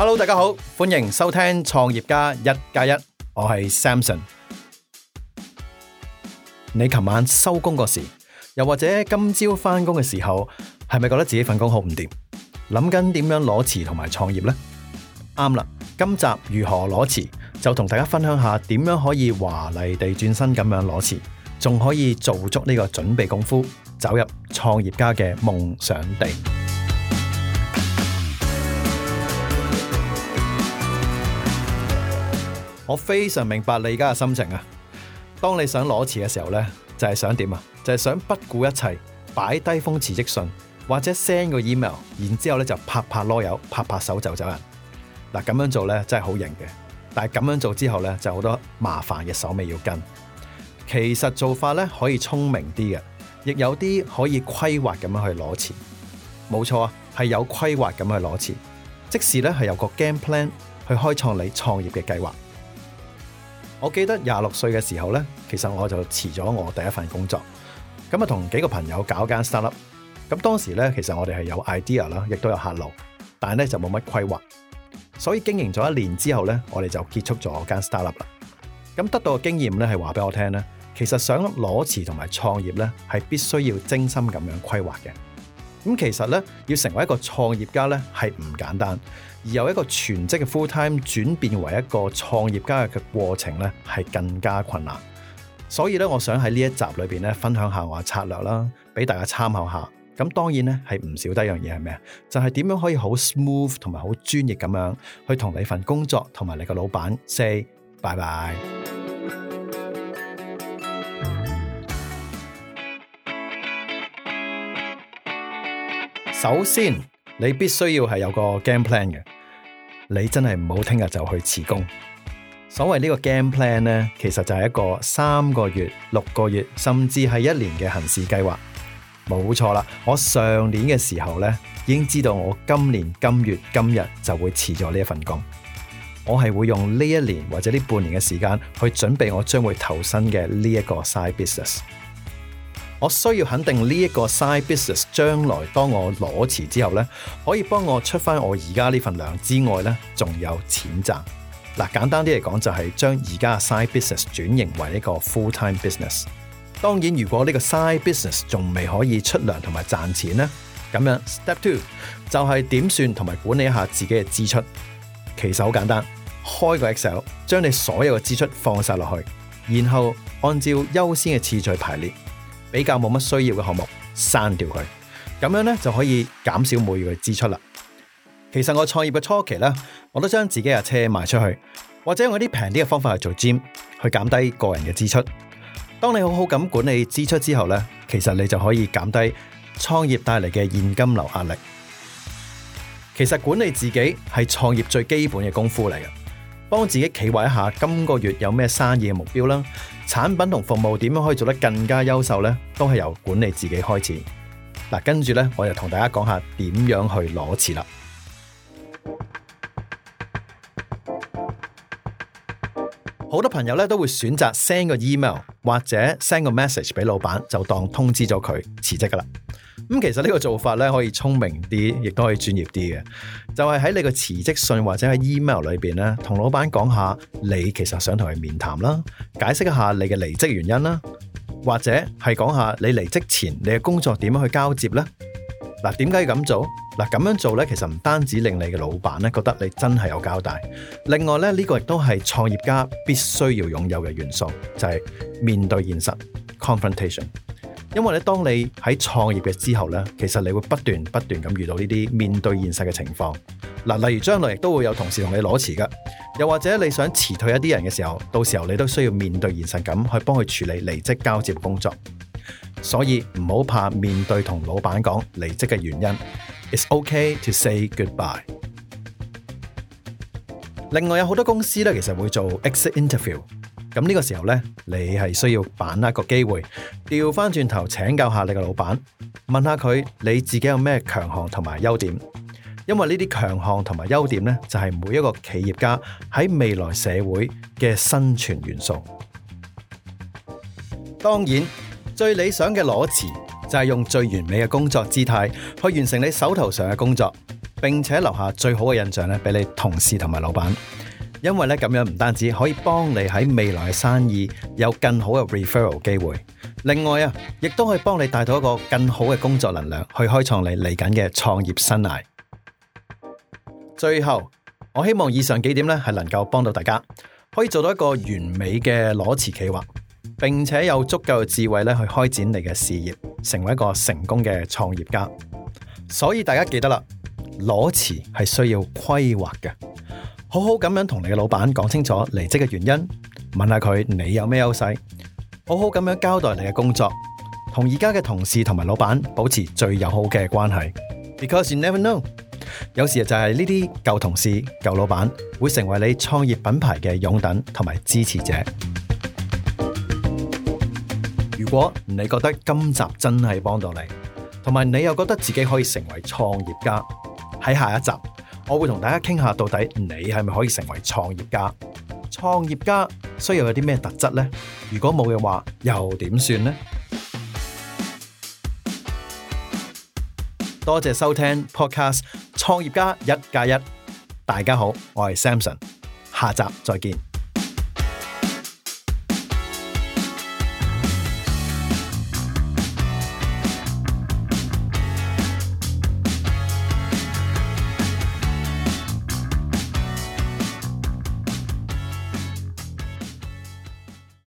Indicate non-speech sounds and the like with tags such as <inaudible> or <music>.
Hello，大家好，歡迎收聽創業家一加一，我係 Samson。你琴晚收工嗰時，又或者今朝返工嘅時候，係咪覺得自己份工好唔掂？諗緊點樣裸辭同埋創業呢？啱啦，今集如何裸辭，就同大家分享下點樣可以華麗地轉身咁樣裸辭，仲可以做足呢個準備功夫，走入創業家嘅夢想地。我非常明白你而家嘅心情啊！當你想裸辭嘅時候呢，就係想點啊？就係想不顧一切擺低封辭職信，或者 send 個 email，然之後呢就拍拍籮柚，拍拍手就走人嗱。咁樣做呢真係好型嘅，但係咁樣做之後呢，就好多麻煩嘅手尾要跟。其實做法呢可以聰明啲嘅，亦有啲可以規劃咁樣去裸辭。冇錯啊，係有規劃咁樣去裸辭，即使呢係有個 game plan 去開創你創業嘅計劃。我記得廿六歲嘅時候呢，其實我就辭咗我第一份工作，咁啊同幾個朋友搞間 startup。咁當時呢，其實我哋係有 idea 啦，亦都有客路，但係呢就冇乜規劃。所以經營咗一年之後呢，我哋就結束咗間 startup 啦。咁得到嘅經驗呢，係話俾我聽呢，其實想裸辭同埋創業呢，係必須要精心咁樣規劃嘅。咁其實咧，要成為一個創業家咧，係唔簡單；而由一個全職嘅 full time 轉變為一個創業家嘅過程咧，係更加困難。所以咧，我想喺呢一集裏邊咧，分享下我嘅策略啦，俾大家參考下。咁當然咧，係唔少得一樣嘢係咩？就係點樣可以好 smooth 同埋好專業咁樣去同你份工作同埋你個老闆 say 拜拜。首先，你必須要係有個 game plan 嘅，你真係唔好聽日就去辭工。所謂呢個 game plan 咧，其實就係一個三個月、六個月，甚至係一年嘅行事計劃。冇錯啦，我上年嘅時候咧，已經知道我今年今月今日就會辭咗呢一份工。我係會用呢一年或者呢半年嘅時間去準備我將會投身嘅呢一個 side business。我需要肯定呢一個 side business 將來當我裸辭之後咧，可以幫我出翻我而家呢份糧之外咧，仲有錢賺嗱。簡單啲嚟講，就係將而家嘅 side business 轉型為一個 full time business。當然，如果呢個 side business 仲未可以出糧同埋賺錢咧，咁樣 step two 就係點算同埋管理一下自己嘅支出。其實好簡單，開個 Excel，將你所有嘅支出放晒落去，然後按照優先嘅次序排列。比較冇乜需要嘅項目刪掉佢，咁樣呢，就可以減少每月嘅支出啦。其實我創業嘅初期呢，我都將自己嘅車賣出去，或者用一啲平啲嘅方法去做 gym，去減低個人嘅支出。當你好好咁管理支出之後呢，其實你就可以減低創業帶嚟嘅現金流壓力。其實管理自己係創業最基本嘅功夫嚟嘅。幫自己企劃一下今個月有咩生意嘅目標啦，產品同服務點樣可以做得更加優秀呢？都係由管理自己開始。嗱，跟住呢，我又同大家講下點樣去裸辭啦。好多朋友呢，都會選擇 send 個 email 或者 send 個 message 俾老闆，就當通知咗佢辭職噶啦。咁其實呢個做法咧，可以聰明啲，亦都可以專業啲嘅，就係喺你個辭職信或者喺 email 裏邊咧，同老闆講下你其實想同佢面談啦，解釋一下你嘅離職原因啦，或者係講下你離職前你嘅工作點樣去交接呢。嗱，點解要咁做？嗱，咁樣做咧，其實唔單止令你嘅老闆咧覺得你真係有交代，另外咧呢個亦都係創業家必須要擁有嘅元素，就係面對現實 （confrontation）。Con 因為咧，當你喺創業嘅之後咧，其實你會不斷不斷咁遇到呢啲面對現實嘅情況。嗱，例如將來亦都會有同事同你攞辭噶，又或者你想辭退一啲人嘅時候，到時候你都需要面對現實咁去幫佢處理離職交接工作。所以唔好怕面對同老闆講離職嘅原因。It's okay to say goodbye。另外有好多公司咧，其實會做 exit interview。咁呢個時候呢，你係需要把握一個機會，調翻轉頭請教下你嘅老闆，問下佢你自己有咩強項同埋優點，因為呢啲強項同埋優點呢，就係每一個企業家喺未來社會嘅生存元素。當然，最理想嘅裸辭就係用最完美嘅工作姿態去完成你手頭上嘅工作，並且留下最好嘅印象呢俾你同事同埋老闆。因為咧，咁樣唔單止可以幫你喺未來嘅生意有更好嘅 referral 機會，另外啊，亦都可以幫你帶到一個更好嘅工作能量，去開創你嚟緊嘅創業生涯。最後，我希望以上幾點咧，係能夠幫到大家，可以做到一個完美嘅裸辭企劃，並且有足夠嘅智慧咧，去開展你嘅事業，成為一個成功嘅創業家。所以大家記得啦，裸辭係需要規劃嘅。好好咁樣同你嘅老闆講清楚離職嘅原因，問下佢你有咩優勢，好好咁樣交代你嘅工作，同而家嘅同事同埋老闆保持最友好嘅關係。Because you never know，有時就係呢啲舊同事、舊老闆會成為你創業品牌嘅擁躉同埋支持者。 <music> 如果你覺得今集真係幫到你，同埋你又覺得自己可以成為創業家，喺下一集。我會同大家傾下，到底你係咪可以成為創業家？創業家需要有啲咩特質呢？如果冇嘅話，又點算呢？多謝收聽 Podcast《創業家一加一》，大家好，我係 Samson，下集再見。